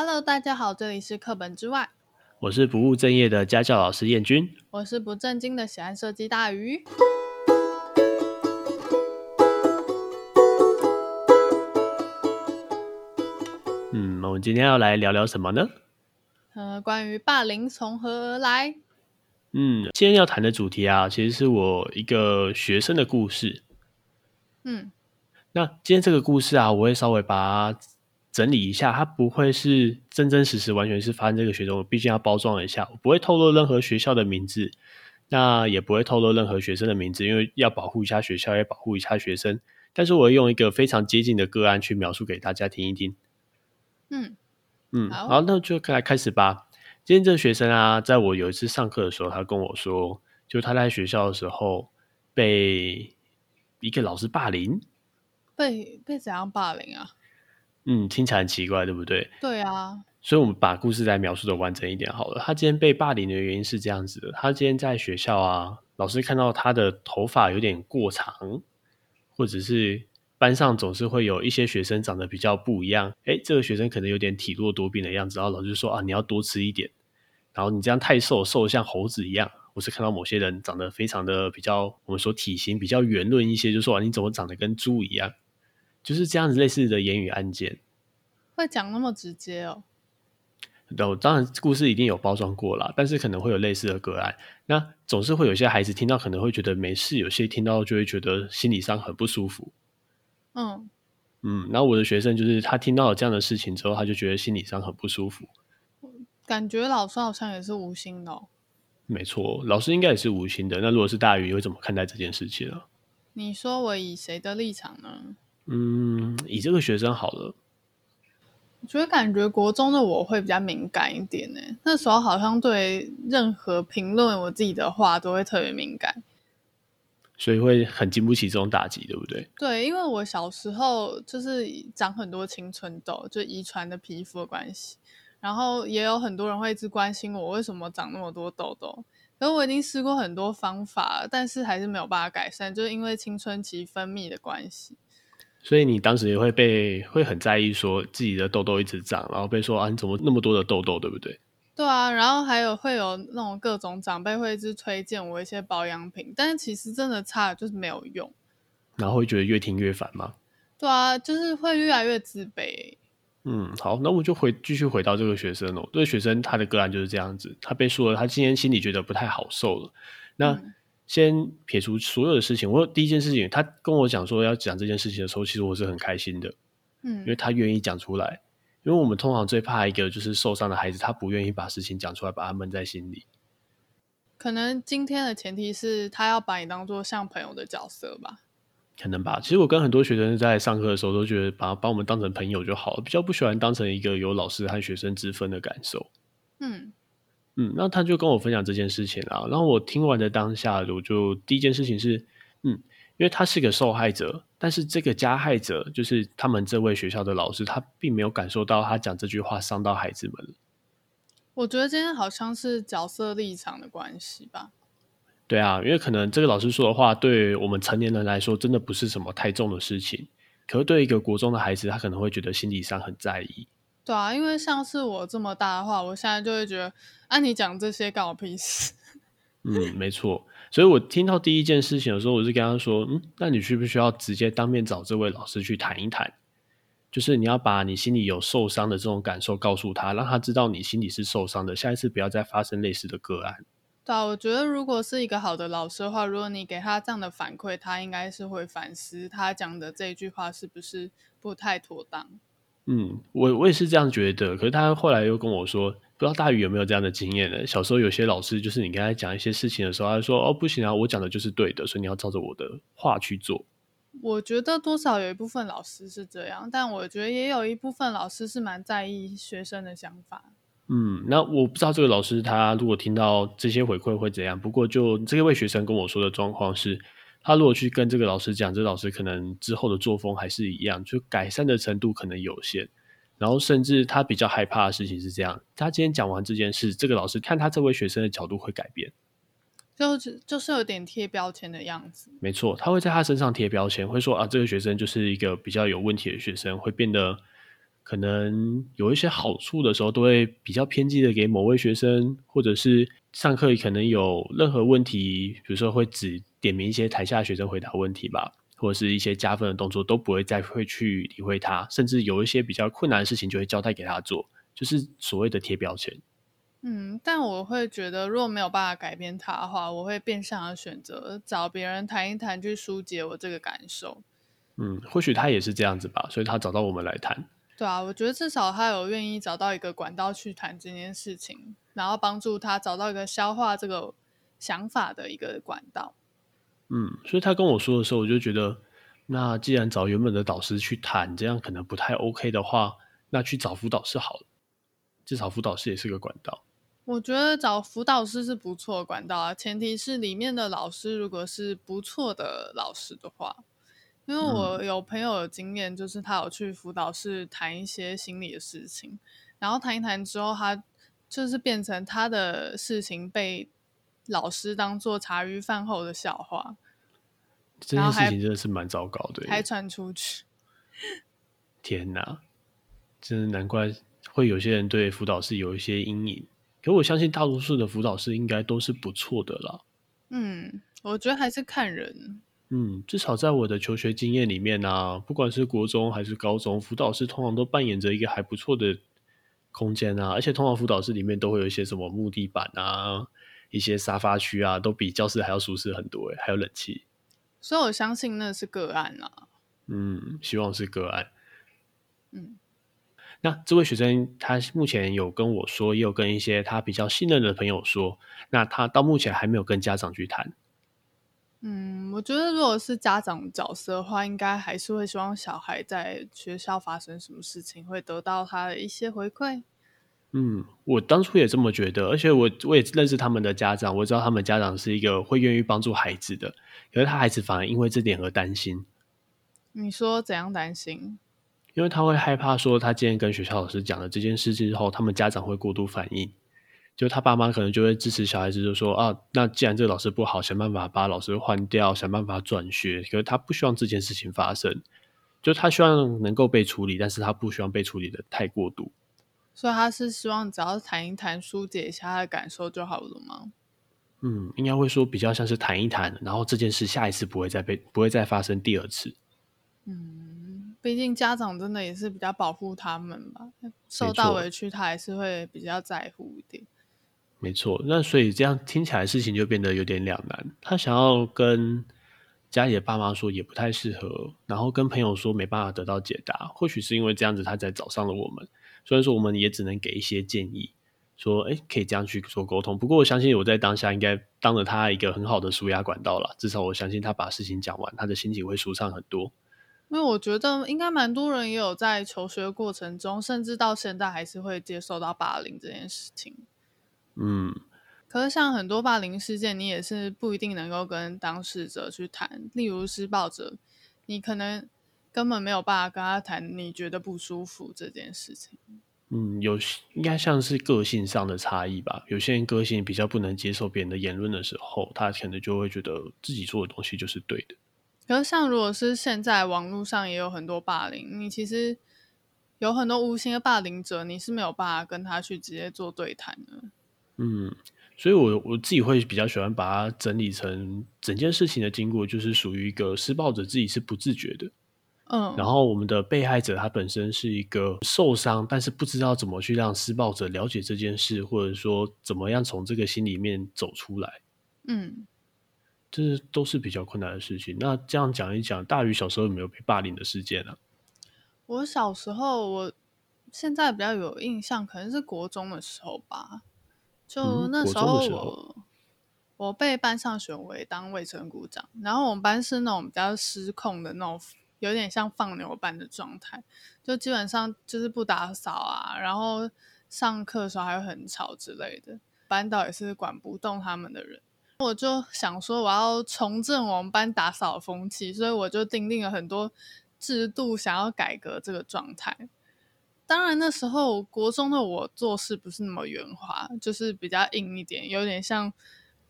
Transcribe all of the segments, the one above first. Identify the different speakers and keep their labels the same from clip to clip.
Speaker 1: Hello，大家好，這裡是課本之外，
Speaker 2: 我是不務正業的家教老師燕軍，
Speaker 1: 我是不正經的喜愛設計大魚。
Speaker 2: 嗯，我們今天要來聊聊什麼呢？呃，
Speaker 1: 關於霸凌從何而來？
Speaker 2: 嗯，今天要談的主題啊，其實是我一個學生的故事。
Speaker 1: 嗯，
Speaker 2: 那今天這個故事啊，我會稍微把整理一下，他不會是真真實實，完全是發生這個學生。我畢竟要包裝一下，我不會透露任何學校的名字，那也不會透露任何學生的名字，因為要保護一下學校，也要保護一下學生。但是，我用一個非常接近的個案去描述給大家聽一聽。嗯嗯，嗯，好，好，那就開開始吧。今天這個學生啊，在我有一次上課的時候，他跟我說，就他在學校的時候被一個老師霸凌，
Speaker 1: 被被怎樣霸凌啊？
Speaker 2: 嗯，聽起來很奇怪，對不對？
Speaker 1: 對啊，
Speaker 2: 所以我們把故事再描述的完整一點好了。他今天被霸凌的原因是這樣子的：他今天在學校啊，老師看到他的頭髮有點過長，或者是班上總是會有一些學生長得比較不一樣。哎、欸，這個學生可能有點體弱多病的樣子，然後老師就說啊，你要多吃一點。然後你這樣太瘦，瘦得像猴子一樣。我是看到某些人長得非常的比較，我們說體型比較圓潤一些，就說，啊，你怎麼長得跟豬一樣。就是這樣子，類似的言語案件，
Speaker 1: 會講那麼直接哦？
Speaker 2: 對，當然故事一定有包裝過啦，但是可能會有類似的個案。那總是會有些孩子聽到，可能會覺得沒事；有些聽到就會覺得心理上很不舒服。嗯嗯。那、嗯、我的學生就是他聽到了這樣的事情之後，他就覺得心理上很不舒服。
Speaker 1: 感覺老師好像也是無心的、
Speaker 2: 哦。沒錯，老師應該也是無心的。那如果是大魚，你會怎麼看待這件事情呢？
Speaker 1: 你說我以誰的立場呢？
Speaker 2: 嗯，以這個學生好了，
Speaker 1: 我覺得感覺國中的我會比較敏感一點呢、欸。那時候好像對任何評論我自己的話都會特別敏感，
Speaker 2: 所以會很經不起這種打擊，對不對？
Speaker 1: 對，因為我小時候就是長很多青春痘，就遺傳的皮膚的關係，然後也有很多人會一直關心我為什麼長那麼多痘痘。可是我已經試過很多方法，但是還是沒有辦法改善，就是因為青春期分泌的關
Speaker 2: 係。所以你當時也會被會很在意，說自己的痘痘一直長，然後被說啊你怎麼那麼多的痘痘，對不對？
Speaker 1: 對啊，然後還有會有那種各種長輩會一直推薦我一些保養品，但是其實真的差就是沒有用。
Speaker 2: 然後會覺得越聽越煩嗎？
Speaker 1: 對啊，就是會越來越自卑、欸。
Speaker 2: 嗯，好，那我就回繼續回到這個學生哦、喔，這個學生他的個案就是這樣子，他被說了，他今天心裡覺得不太好受了。那、嗯先撇除所有的事情，我第一件事情，他跟我講說要講這件事情的時候，其實我是很開心的，嗯，因為他願意講出來，因為我們通常最怕一個就是受傷的孩子，他不願意把事情講出來，把他悶在心裡。
Speaker 1: 可能今天的前提是，他要把你當做像朋友的角色吧？
Speaker 2: 可能吧？其實我跟很多學生在上課的時候都覺得，把把我們當成朋友就好了，比較不喜歡當成一個有老師和學生之分的感受。嗯。嗯，那他就跟我分享這件事情啊，然後我聽完的當下，我就第一件事情是，嗯，因為他是個受害者，但是這個加害者就是他們這位學校的老師，他並沒有感受到他講這句話傷到孩子們。
Speaker 1: 我覺得今天好像是角色立場的關係吧。
Speaker 2: 對啊，因為可能這個老師說的話，對我們成年人來說，真的不是什麼太重的事情，可是對一個國中的孩子，他可能會覺得心理上很在意。
Speaker 1: 對啊，因為像是我這麼大的話，我現在就會覺得，啊，你講這些干我屁事。
Speaker 2: 嗯，沒錯。所以我聽到第一件事情的時候，我就跟他說，嗯，那你需不需要直接當面找這位老師去談一談？就是你要把你心裡有受傷的這種感受告訴他，讓他知道你心裡是受傷的，下一次不要再發生類似的個案。
Speaker 1: 對啊，我覺得如果是一個好的老師的話，如果你給他這樣的反饋，他應該是會反思他講的這句話是不是不太妥當。
Speaker 2: 嗯，我我也是這樣覺得。可是他後來又跟我說，不知道大宇有沒有這樣的經驗呢？小時候有些老師就是你跟他講一些事情的時候，他說：“哦，不行啊，我講的就是對的，所以你要照着我的話去做。”
Speaker 1: 我覺得多少有一部分老師是這樣，但我覺得也有一部分老師是蠻在意學生的想法。嗯，
Speaker 2: 那我不知道這個老師他如果聽到這些回饋會怎樣。不過就這位學生跟我說的狀況是。他如果去跟這個老師講，這老師可能之後的作風還是一樣，就改善的程度可能有限。然後甚至他比較害怕的事情是這樣：他今天講完這件事，這個老師看他這位學生的角度會改變，
Speaker 1: 就是就是有點貼標籤的樣子。
Speaker 2: 沒錯，他會在他身上貼標籤，會說啊，這個學生就是一個比較有問題的學生，會變得可能有一些好處的時候，都會比較偏激的給某位學生，或者是。上課可能有任何問題，比如說會只點名一些台下的學生回答問題吧，或者是一些加分的動作都不會再會去理會他，甚至有一些比較困難的事情就會交代給他做，就是所謂的貼標籤。
Speaker 1: 嗯，但我會覺得，如果沒有辦法改變他的話，我會變相的選擇找別人談一談，去疏解我這個感受。
Speaker 2: 嗯，或許他也是這樣子吧，所以他找到我們來談。
Speaker 1: 對啊，我覺得至少他有願意找到一個管道去談這件事情，然後幫助他找到一個消化這個想法的一個管道。嗯，
Speaker 2: 所以他跟我說的時候，我就覺得，那既然找原本的導師去談，這樣可能不太 OK 的話，那去找輔導師好了，至少輔導師也是個管道。
Speaker 1: 我覺得找輔導師是不錯的管道啊，前提是裡面的老師如果是不錯的老師的話。因為我有朋友的經驗，就是他有去輔導室談一些心理的事情，嗯、然後談一談之後，他就是變成他的事情被老師當作茶餘飯後的笑話。
Speaker 2: 這件事情真的是蠻糟糕的，還，還
Speaker 1: 傳出去。
Speaker 2: 天哪，真的難怪會有些人對輔導室有一些陰影。可我相信，大多數的輔導室應該都是不錯的啦。嗯，
Speaker 1: 我覺得還是看人。
Speaker 2: 嗯，至少在我的求學經驗裡面啊，不管是國中還是高中，輔導室通常都扮演着一個還不錯的空間啊，而且通常輔導室裡面都會有一些什麼木地板啊、一些沙發區啊，都比教室還要舒適很多，欸，還有冷氣。
Speaker 1: 所以我相信那是個案啊，嗯，
Speaker 2: 希望是個案。嗯，那這位學生他目前有跟我說，也有跟一些他比較信任的朋友說，那他到目前還沒有跟家長去談。
Speaker 1: 嗯，我覺得如果是家長角色的話，應該還是會希望小孩在學校發生什麼事情會得到他的一些回饋。
Speaker 2: 嗯，我當初也這麼覺得，而且我我也認識他們的家長，我知道他們家長是一個會願意幫助孩子的，可是他孩子反而因為這點而擔心。
Speaker 1: 你說怎樣擔心？
Speaker 2: 因為他會害怕說，他今天跟學校老師講了這件事之後，他們家長會過度反應。就他爸媽可能就會支持小孩子，就說啊，那既然這個老師不好，想辦法把老師換掉，想辦法轉學。可是他不希望這件事情發生，就他希望能夠被處理，但是他不希望被處理得太過度。
Speaker 1: 所以他是希望只要談一談，疏解一下他的感受就好了嗎？嗯，
Speaker 2: 應該會說比較像是談一談，然後這件事下一次不會再被不會再發生第二次。嗯，
Speaker 1: 畢竟家長真的也是比較保護他們吧，受到委屈沒錯。他還是會比較在乎。
Speaker 2: 沒錯，那所以這樣聽起來事情就變得有點兩難。他想要跟家裡的爸媽說也不太適合，然後跟朋友說沒辦法得到解答。或許是因為這樣子，他才找上了我們。雖然說我們也只能給一些建議，說誒可以這樣去做溝通。不過我相信我在當下應該當着他一個很好的舒壓管道了。至少我相信他把事情講完，他的心情會舒暢很多。
Speaker 1: 因為我覺得應該蠻多人也有在求學的過程中，甚至到現在還是會接受到霸凌這件事情。嗯，可是像很多霸凌事件，你也是不一定能夠跟當事者去談。例如施暴者，你可能根本沒有辦法跟他談你覺得不舒服這件事情。嗯，
Speaker 2: 有應該像是個性上的差異吧。有些人個性比較不能接受別人的言論的時候，他可能就會覺得自己做的東西就是對的。
Speaker 1: 可是像如果是現在網絡上也有很多霸凌，你其實有很多無心的霸凌者，你是沒有辦法跟他去直接做對談的。
Speaker 2: 嗯，所以我，我我自己會比較喜歡把它整理成整件事情的經過，就是屬於一個施暴者自己是不自覺的，嗯，然後我們的被害者他本身是一個受傷，但是不知道怎麼去讓施暴者了解這件事，或者說怎麼樣從這個心裡面走出來，
Speaker 1: 嗯，
Speaker 2: 這都是比較困難的事情。那這樣講一講，大魚小時候有沒有被霸凌的事件呢？啊？
Speaker 1: 我小時候，我現在比較有印象，可能是國中的時候吧。就那時候我，我我被班上選為當衛生股長。然後我們班是那種比較失控的那種，有點像放牛班的狀態，就基本上就是不打掃啊，然後上課的時候還會很吵之類的。班導也是管不動他們的人，我就想說我要重振我們班打掃風氣，所以我就訂立了很多制度，想要改革這個狀態。當然，那時候國中的我做事不是那麼圓滑，就是比較硬一點，有點像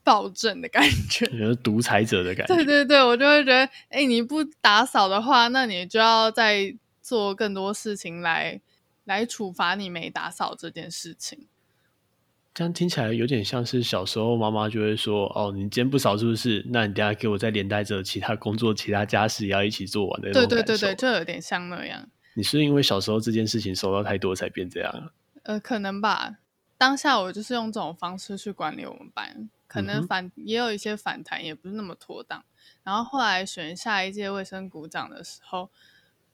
Speaker 1: 暴政的感
Speaker 2: 覺，有點獨裁者的感覺。 對
Speaker 1: 對對，我就會覺得，哎、欸，你不打掃的話，那你就要再做更多事情來來處罰你沒打掃這件事情。
Speaker 2: 這樣聽起來有點像是小時候媽媽就會說：“哦，你今天不掃是不是？那你等下給我再連帶着其他工作、其他家事也要一起做完。”對對對
Speaker 1: 對，就有點像那樣。
Speaker 2: 你是因為小時候這件事情受到太多，才變這樣？啊。
Speaker 1: 呃，可能吧。當下我就是用這種方式去管理我們班，可能反，嗯、哼也有一些反彈，也不是那麼妥當。然後後來選下一屆衛生股長的時候，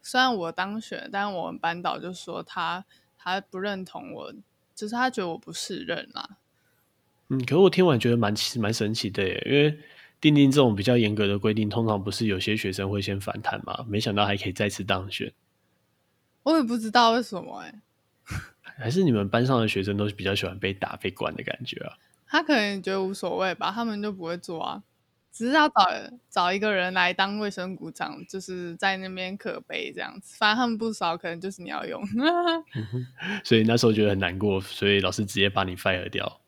Speaker 1: 雖然我當選，但我們班導就說他他不認同我，就是他覺得我不適任啦。
Speaker 2: 嗯，可是我聽完覺得蠻蠻神奇的耶，因為訂定、定這種比較嚴格的規定，通常不是有些學生會先反彈嗎？沒想到還可以再次當選。
Speaker 1: 我也不知道為什麼哎、欸，
Speaker 2: 還是你們班上的學生都是比較喜歡被打、被管的感覺啊？
Speaker 1: 他可能覺得無所謂吧，他們就不會做啊，只是要找找一個人來當衛生股長，就是在那邊可悲這樣子。反正他們不少，可能就是你要用，
Speaker 2: 所以那時候覺得很難過，所以老師直接把你 fire 掉。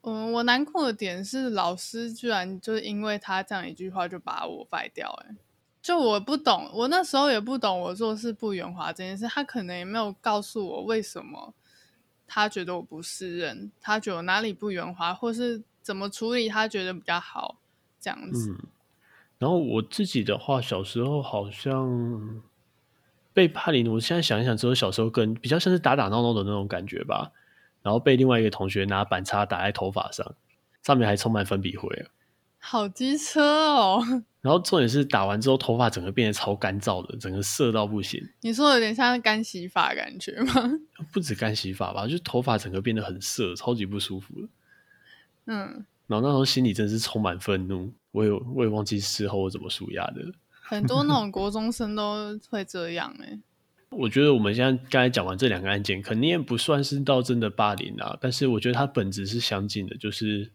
Speaker 1: 嗯，我難過的點是老師居然就是因為他這樣一句話就把我 fire 掉、欸，就我不懂，我那時候也不懂，我做事不圓滑這件事，他可能也沒有告訴我為什麼他覺得我不是人，他覺得我哪裡不圓滑，或是怎麼處理他覺得比較好這樣子、嗯。
Speaker 2: 然後我自己的話，小時候好像被霸凌，我現在想一想，只有小時候跟比較像是打打鬧鬧的那種感覺吧。然後被另外一個同學拿板擦打在頭髮上，上面還充滿粉筆灰。
Speaker 1: 好機車
Speaker 2: 哦！然後重點是打完之後，頭髮整個變得超乾燥的，整個澀到不行。
Speaker 1: 你說有點像乾洗髮的感覺嗎？
Speaker 2: 不止乾洗髮吧，就頭髮整個變得很澀，超級不舒服。嗯，
Speaker 1: 然
Speaker 2: 後那時候心裡真的是充滿憤怒。我也我也忘記事後我怎麼舒壓的。
Speaker 1: 很多那種國中生都會這樣哎、
Speaker 2: 欸。 我覺得我們現在剛才講完這兩個案件，肯定也不算是到真的霸凌啊，但是我覺得它本質是相近的，就是。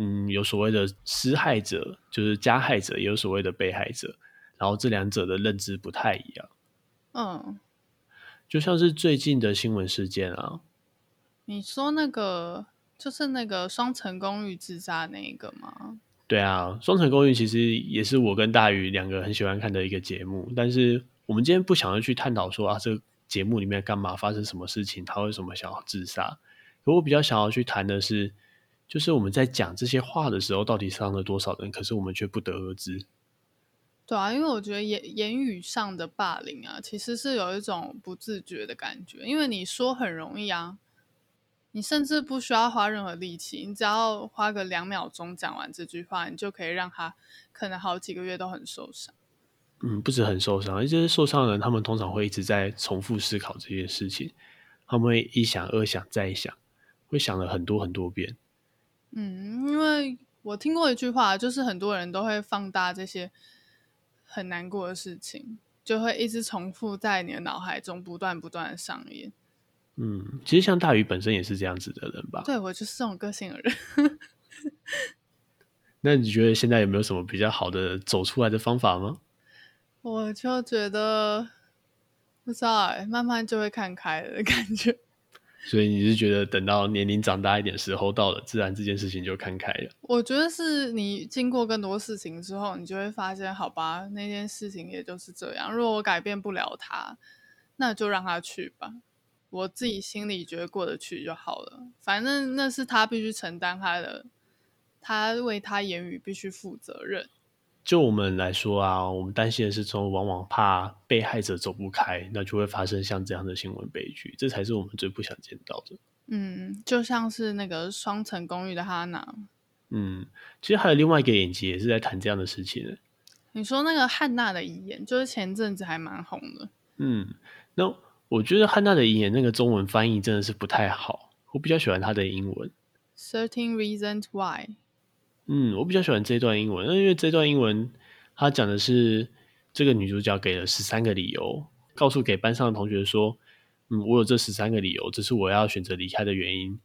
Speaker 2: 嗯，有所謂的施害者，就是加害者，也有所謂的被害者，然後這兩者的認知不太一樣。
Speaker 1: 嗯，
Speaker 2: 就像是最近的新聞事件啊，
Speaker 1: 你說那個就是那個雙層公寓自殺那一個嗎？
Speaker 2: 對啊，雙層公寓其實也是我跟大宇兩個很喜歡看的一個節目，嗯、但是我們今天不想要去探討說啊，這個節目裡面幹嘛發生什麼事情，他為什麼想要自殺？可我比較想要去談的是。就是我們在講這些話的時候，到底傷了多少人？可是我們卻不得而知。
Speaker 1: 對啊，因為我覺得言言語上的霸凌啊，其實是有一種不自覺的感覺。因為你說很容易啊，你甚至不需要花任何力氣，你只要花個兩秒鐘講完這句話，你就可以讓他可能好幾個月都很受傷。
Speaker 2: 嗯，不止很受傷，就是受傷的人他們通常會一直在重複思考這些事情，他們會一想、二想、再想，會想了很多很多遍。
Speaker 1: 嗯，因為我聽過一句話，就是很多人都會放大這些很難過的事情，就會一直重複在你的腦海中，不斷不斷的上演。嗯，
Speaker 2: 其實像大魚本身也是這樣子的人吧？對，
Speaker 1: 我就是這種個性的人。
Speaker 2: 那你覺得現在有沒有什麼比較好的走出來的方法嗎？
Speaker 1: 我就覺得，不知道，哎，慢慢就會看開了，感覺。
Speaker 2: 所以你是覺得等到年齡長大一點時候到了，自然這件事情就看開了。
Speaker 1: 我覺得是你經過更多事情之後，你就會發現，好吧，那件事情也就是這樣。如果我改變不了他，那就讓他去吧。我自己心裡覺得過得去就好了。反正那是他必須承擔他的，他為他言語必須負責任。
Speaker 2: 就我們來說啊，我們擔心的是，從往往怕被害者走不開，那就會發生像這樣的新聞悲劇，這才是我們最不想見到的。嗯，
Speaker 1: 就像是那個雙層公寓的哈娜。嗯，其
Speaker 2: 實還有另外一個演技也是在談這樣的事情。
Speaker 1: 你說那個漢娜的遺言，就是前陣子還蠻紅的。嗯，
Speaker 2: 那、no, 我覺得漢娜的遺言那個中文翻譯真的是不太好，我比較喜歡她的英文。
Speaker 1: 13 Reasons Why.
Speaker 2: 嗯，我比較喜歡這段英文，那因為這段英文，他講的是這個女主角給了十三個理由，告訴給班上的同學說，嗯，我有這十三個理由，這是我要選擇離開的原因。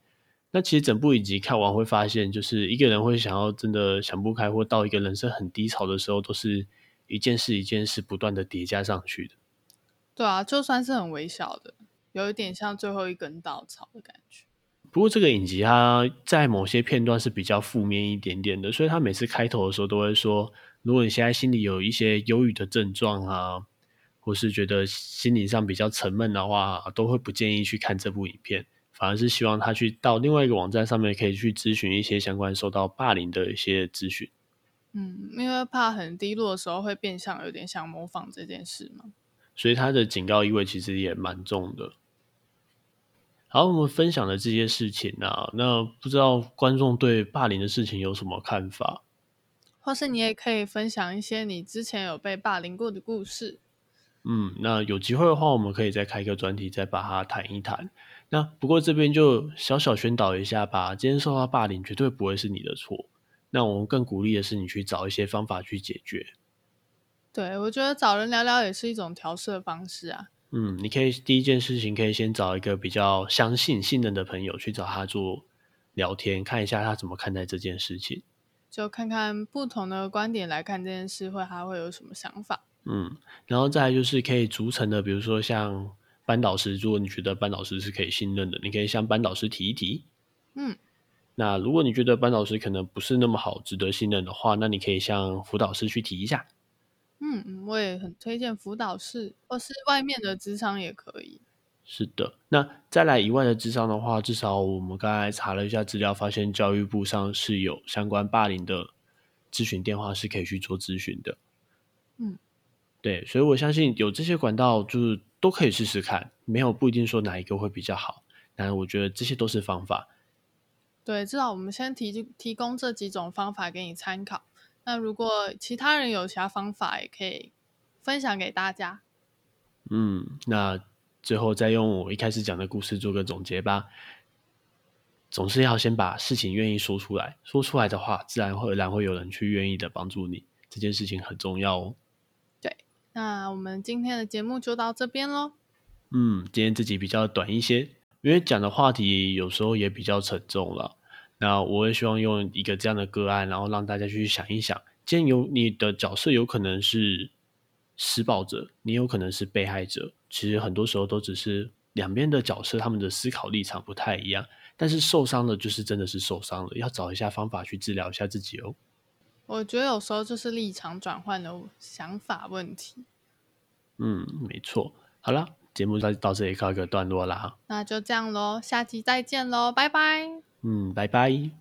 Speaker 2: 那其實整部影集看完會發現，就是一個人會想要真的想不開，或到一個人生很低潮的時候，都是一件事一件事不斷的疊加上去的。
Speaker 1: 對啊，就算是很微小的，有一點像最後一根稻草的感
Speaker 2: 覺。不過這個影集它在某些片段是比較負面一點點的，所以他每次開頭的時候都會說，如果你現在心裡有一些憂鬱的症狀啊，或是覺得心理上比較沉悶的話，都會不建議去看這部影片，反而是希望他去到另外一個網站上面可以去諮詢一些相關受到霸凌的一些資訊。
Speaker 1: 嗯，因為怕很低落的時候會變相有點想模仿這件
Speaker 2: 事嘛，所以他的警告意味其實也蠻重的。好，我們分享的這些事情啊，那不知道觀眾對霸凌的事情有什麼看法，
Speaker 1: 或是你也可以分享一些你之前有被霸凌過的故事。
Speaker 2: 嗯，那有機會的話，我們可以再開一個專題，再把它談一談。那不過這邊就小小宣導一下吧，今天受到霸凌絕對不會是你的錯。那我們更鼓勵的是，你去找一些方法去解決。
Speaker 1: 對，我覺得找人聊聊也是一種調適的方式啊。
Speaker 2: 嗯，你可以第一件事情可以先找一個比較相信信任的朋友去找他做聊天，看一下他怎麼看待這件事情，
Speaker 1: 就看看不同的觀點來看這件事會他會有什麼想法。
Speaker 2: 嗯，然後再來就是可以逐層的，比如說像班導師，如果你覺得班導師是可以信任的，你可以向班導師提一提。嗯，那如果你覺得班導師可能不是那麼好值得信任的話，那你可以向輔導師去提一下。
Speaker 1: 嗯，我也很推薦輔導室，或是外面的諮商也可以。
Speaker 2: 是的，那再來以外的諮商的話，至少我們剛才查了一下資料，發現教育部上是有相關霸凌的諮詢電話，是可以去做諮詢的。嗯，對，所以我相信有這些管道，就是都可以試試看。沒有不一定說哪一個會比較好，但我覺得這些都是方法。
Speaker 1: 對，至少我們先提提供這幾種方法給你參考。那如果其他人有其他方法，也可以分享給大家。嗯，
Speaker 2: 那最後再用我一開始講的故事做個總結吧。總是要先把事情願意說出來，說出來的話，自然會，然會有人去願意的幫助你。這件事情很重要
Speaker 1: 哦。對，那我們今天的節目就到這邊嘍。嗯，
Speaker 2: 今天這集比較短一些，因為講的話題有時候也比較沉重了。那我也希望用一個這樣的個案，然後讓大家去想一想：既然有你的角色有可能是施暴者，你有可能是被害者，其實很多時候都只是兩邊的角色，他們的思考立場不太一樣。但是受傷的，就是真的是受傷了，要找一下方法去治療一下自己哦。
Speaker 1: 我覺得有時候就是立場轉換的想法問題。嗯，
Speaker 2: 沒錯。好啦，節目到到這裡告一個段落啦。
Speaker 1: 那就這樣嘍，下期再見嘍，拜拜。
Speaker 2: 嗯，拜拜。